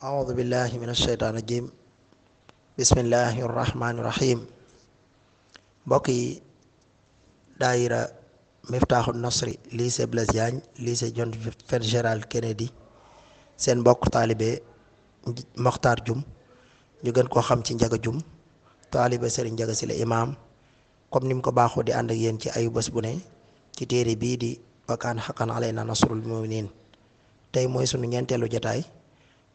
أعوذ بالله من الشيطان الرجيم بسم الله الرحمن الرحيم mbokk yi daayira Miftaaxul Nasri lycée lii Diagne lycée John Fitzgerald Kennedy seen mbokk taalibe Mokhtar Dioum ñu gën koo xam ci Njaga Dioum taalibe Serigne Njaga Sylla imaam comme ni ko baaxul di ànd ak ci ayu bés bu ne ci téere bii di wakaan xaqan alay na nasrul muminin tey mooy sunu ñeenteelu jataay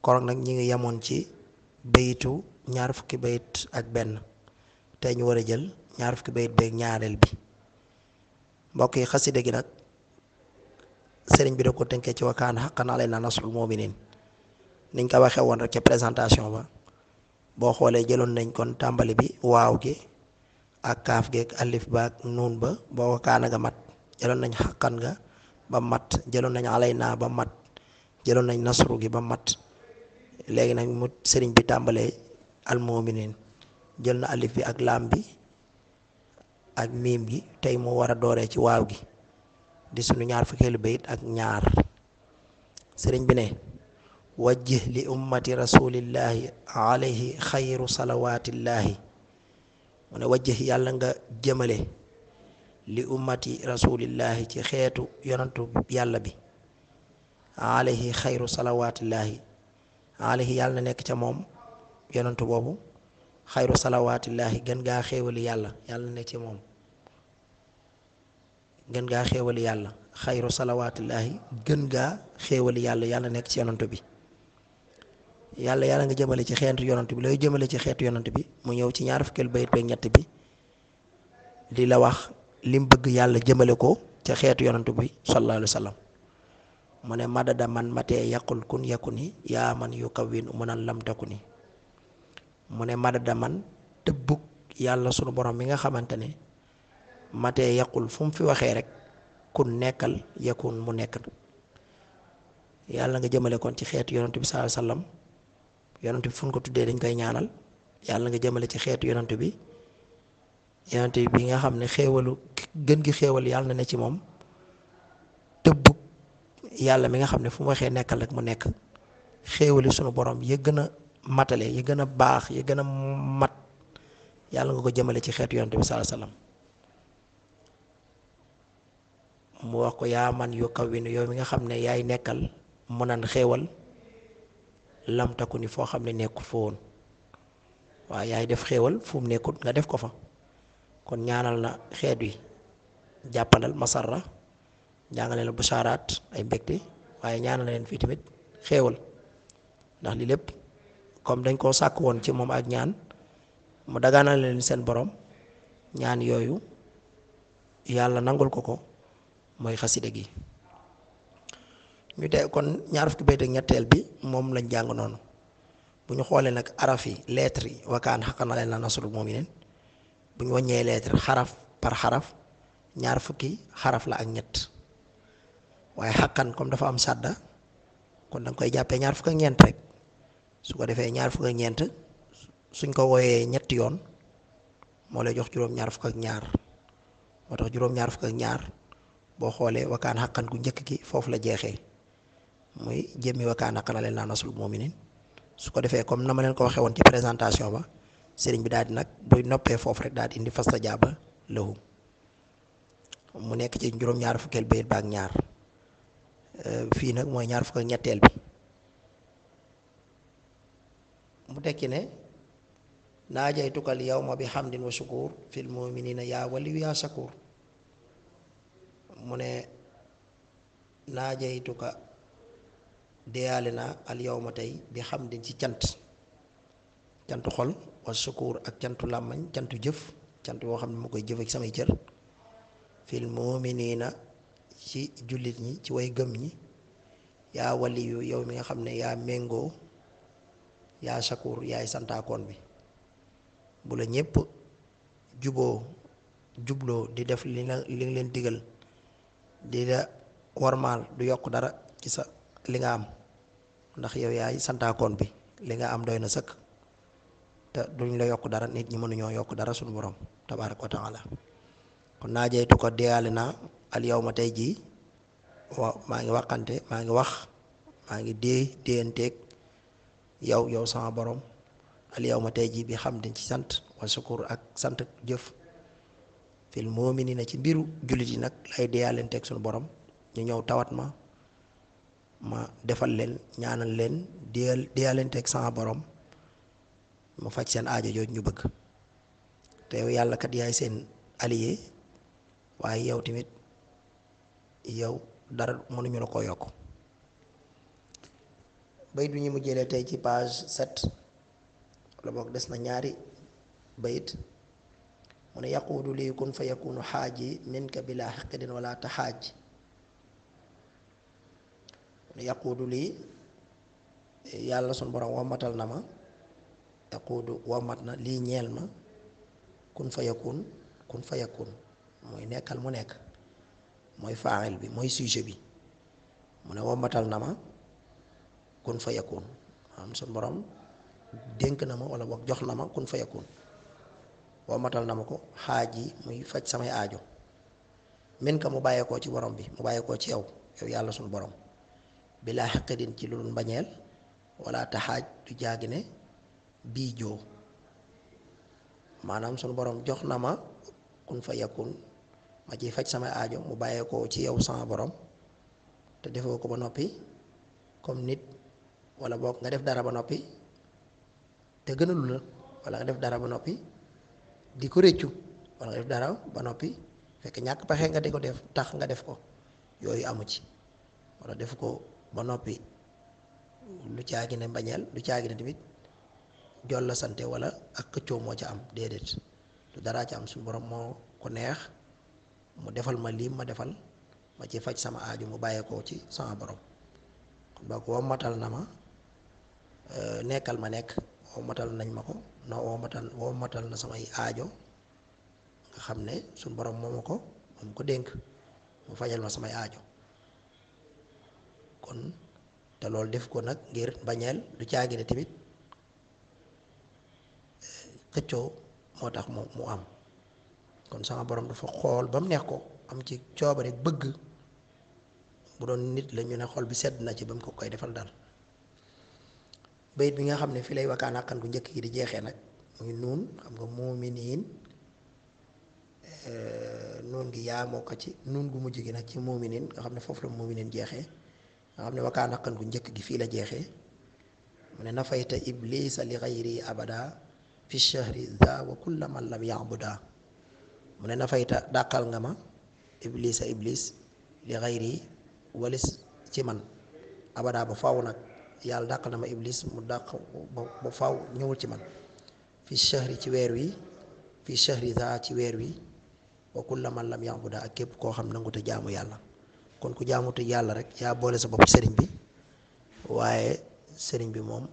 korog nag ñu ngi yemoon ci bayitu ñaar fukki bayit ak benn tey ñu war a jël ñaar fukki bayit beeg ñaareel bi mbokk yi xaside gi nag sëriñ bi da ko tënkee ci wakaan xaqan alayna nasrul mu'minin niñ ko waxee woon ca présentation ba boo xoolee jëloon nañ kon tàmbali bi waaw gi ak kaaf gi ak alif ba ak nuun ba boo wakaana nga mat jëloon nañ xaqan nga ba mat jëloon nañ alayna ba mat jëloon nañ nasru gi ba mat léegi nag mu sëriñ bi tàmbalee almominin jël na alif bi ak làmbi ak miim gi tey mu war a dooree ci waaw gi di sunu ñaar fukkeelu bayit ak ñaar sëriñ bi ne wajjih li ummati rasulillahi alayhi xayru salawatillahi mu ne wajjih yàlla nga jëmale li ummati rasulillahi ci xeetu yonantu yàlla bi alayhi xayru salawatillahi alayhi yàlla na nekk ca moom yonantu boobu xayru salawaatillaahi gën gaa xéewali yàlla yàlla na nekk ci moom gën gaa xéewali yàlla xayru salawaatillaahi gën gaa xéewali yàlla yàlla nekk ci yonantu bi yàlla yàlla nga jëmale ci xeetu yonant bi looy jëmale ci xeetu yonant bi mu ñëw ci ñaar fukkeel bayit beeg ñett bi di la wax lim bëgg yàlla jëmale ko ca xeetu yonant bi sallallahu alayhi wa mu ne madada man matee yaqul kun ni yaa man yu kawwin mu naan lam takuni mu ne madada man tëbbug yàlla sunu borom bi nga xamante ne matee yaqul fu mu fi waxee rek kun nekkal yakun mu nekkal yàlla nga jëmale kon ci xeetu yonent bi sa alayhi wasallam yonent bi fu ko tuddee dañ koy ñaanal yàlla nga jëmale ci xeet yonent bi yonent bi nga xam ne xéewalu gën gi xéewal yàlla na ne ci moom yàlla mi nga xam ne fu mu waxee nekkal rek mu nekk xéewali sunu boroom ya gën a matale ya gën a baax ya gën a mat yàlla nga ko jëmale ci xeet yonent bi sallallahu alayhi mu wax ko yaa man yu kaw winu yow mi nga xam ne yaay nekkal mu naan xéewal lam ni foo xam ne nekkul fa woon waaw yaay def xéewal fu mu nekkut nga def ko fa kon ñaanal na xeet wi jàppalal masarra jàngale la bu saaraat ay mbégte waaye ñaanal leen fii tamit xéewal ndax li lépp comme dañ koo sàkk woon ci moom ak ñaan mu dagaanal leen seen borom ñaan yooyu yàlla nangul ko ko mooy xaside gi ñu de kon ñaar fukki ñetteel bi moom lañ jàng noonu bu ñu xoolee nag araf yi lettre yi wakaan xaqan na leen la nasrul mu'minin bu ñu wàññee lettre xaraf par xaraf ñaar fukki xaraf la ak ñett waaye xàkkan comme dafa am sàdda kon da koy jàppee ñaar fukk ñeent rek su ko defee ñaar ñeent suñ ko wooyee ñetti yoon moo lay jox juróom-ñaar fukk ñaar moo tax juróom-ñaar fukk ñaar boo xoolee wakkaan xakkan gu njëkk gi foofu la jeexee muy jëmmi wakaan xàkkan leen laa nasul mu'minin su ko defee comme na ma leen ko waxee woon ci présentation ba sëriñ bi daal di nag buy noppee foofu rek daal di indi fasta jaaba lahu mu nekk ci juróom-ñaar fukkeel bayit ba ak ñaar Euh, fii nag mooy ñaar fukk ñetteel bi mu tekki ne naajaytukal yawma bi hamdin wa sukuur fil muminina yaa waliyu yaa sakuur mu ne naajaytuka deyaale naa al yawma tey bi hamdin ci cant cantu xol wa sukuur ak cantu làmmañ cantu jëf cant yoo xam ne mu koy jëf ak samay cër fil muminina ci jullit ñi ci way gëm ñi yaa waliyu yow mi nga xam ne yaa méngoo yaa shakur yaay santaakoon bi bu la ñépp juboo jubloo di def li nga li leen digal di la warmaal du yokk dara ci sa li nga am ndax yow yaay santaakoon bi li nga am doy na sëkk te duñ la yokk dara nit ñi mënuñoo yokk dara suñu borom tabaaraka wa kon naa jeytu ko deyaale naa al yow ma tey jii waaw maa ngi waxante maa ngi wax maa ngi dee déenteeg yow yow sama boroom al yow ma tey jii bi xam dañ ci sant wa sukur ak sant jëf fil na ci mbiru jullit yi nag lay deyaalenteeg suñu borom ñu ñëw tawat ma ma defal leen ñaanal leen déyal deyaalenteeg sama borom mu faj seen aajo jooju ñu bëgg te yow yàlla kat yaay seen allié waaye yow tamit yow dara mënuñu la ko yokk bayit bi ñu mujjee tey ci page set wala boog des na ñaari bayit mu ne yaquudu lii kun fa yakunu xaaji minka bila xaqidin wala taxaaj mu ne yaquudu lii yàlla sun borom wammatal na ma yaquudu wammat na lii ñeel ma kun fa yakun kun fa yakun nekkal mu nekk mooy faaxel bi mooy sujet bi mu ne wombatal na ma kun fa yakun am suñ borom dénk na ma wala boog jox na ma kun fa yakun wombatal na ma ko xaaj yi muy faj samay aajo min ka mu bàyyeekoo ci borom bi mu bàyyeekoo ci yow yàlla suñ borom bi laa ci lu dul mbañeel wala du jaagi ne bii maanaam suñ borom jox na ma kun fa ma ci faj sama aajo mu bàyyee bàyyeekoo ci yow sama borom te defoo ko ba noppi comme nit wala boog nga def dara ba noppi te gënalu la def dara ba noppi di ko réccu wala nga def dara ba noppi fekk ñàkk paxe nga di ko def tax nga def ko yooyu amu ci wala def ko ba noppi lu caagi ne mbañeel lu caagi ne tamit jol sante wala ak këccoo moo ca am déedéet lu daraa ca am su borom moo ko neex mu defal ma lii ma defal ma ci faj sama aajo mu bàyyeekoo ci sama borom kon boog wommatal na ma euh, nekkal ma nekk wommatal nañ ma ko no wommatal wommatal na samay aajo nga xam ne suñ borom moo ma ko moom ko dénk mu fajal ma samay aajo kon te loolu def ko nag ngir bañeel du caagi ne tamit euh, xëccoo moo tax mu mu am kon sama boroom dafa xool ba mu neex ko am ci coobare bëgg bu doon nit la ñu ne xool bi sedd na ci ba mu ko koy defal dar bayit bi nga xam ne fii lay wakaan àqan gu njëkk gi di jeexee nag muy nuun xam nga muuminiin eh, nuun gi yaa ko ci nuun gu mujj gi nag ci muuminiin xam ne foofu la muuminiin jeexee nga xam ne wakaan àqan gu njëkk gi fii la jeexee mu ne nafayta iblisa li xayri abada fi shahri za wa kulla lam yaabuda mu ne nafayta dàqal nga ma iblisa iblis li xayri walis ci man abadaa ba faw nag yàlla dàqal na ma iblis mu dàq ba faw ñëwul ci man fi shahri ci weer wi fi shahri za ci weer wi wa kulla man lam ya'buda ak képp koo xam nangu te jaamu yàlla kon ku jaamutu yàlla rek yaa boole sa bopp sëriñ bi waaye sëriñ bi moom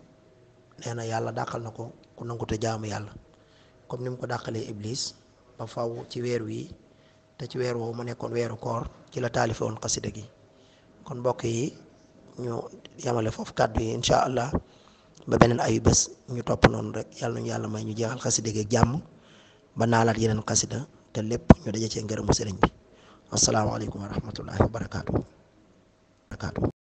nee na yàlla dàqal na ko ku nangu te jaamu yàlla comme ni mu ko dàqalee iblis ba faw ci weer wi te ci weer woow mu nekkoon weeru koor ci la taalifoon woon xasida gi kon mbokk yi ñu yamale foofu kàddu yi incha allah ba beneen ayu bés ñu topp noonu rek yàlla nañu yàlla may ñu jeexal xasida gi jàmm ba naalaat yeneen xasida te lépp ñu daje cee ngërëmu sëriñ bi asalaamaaleykum wa rahmatullahi wa barakaatu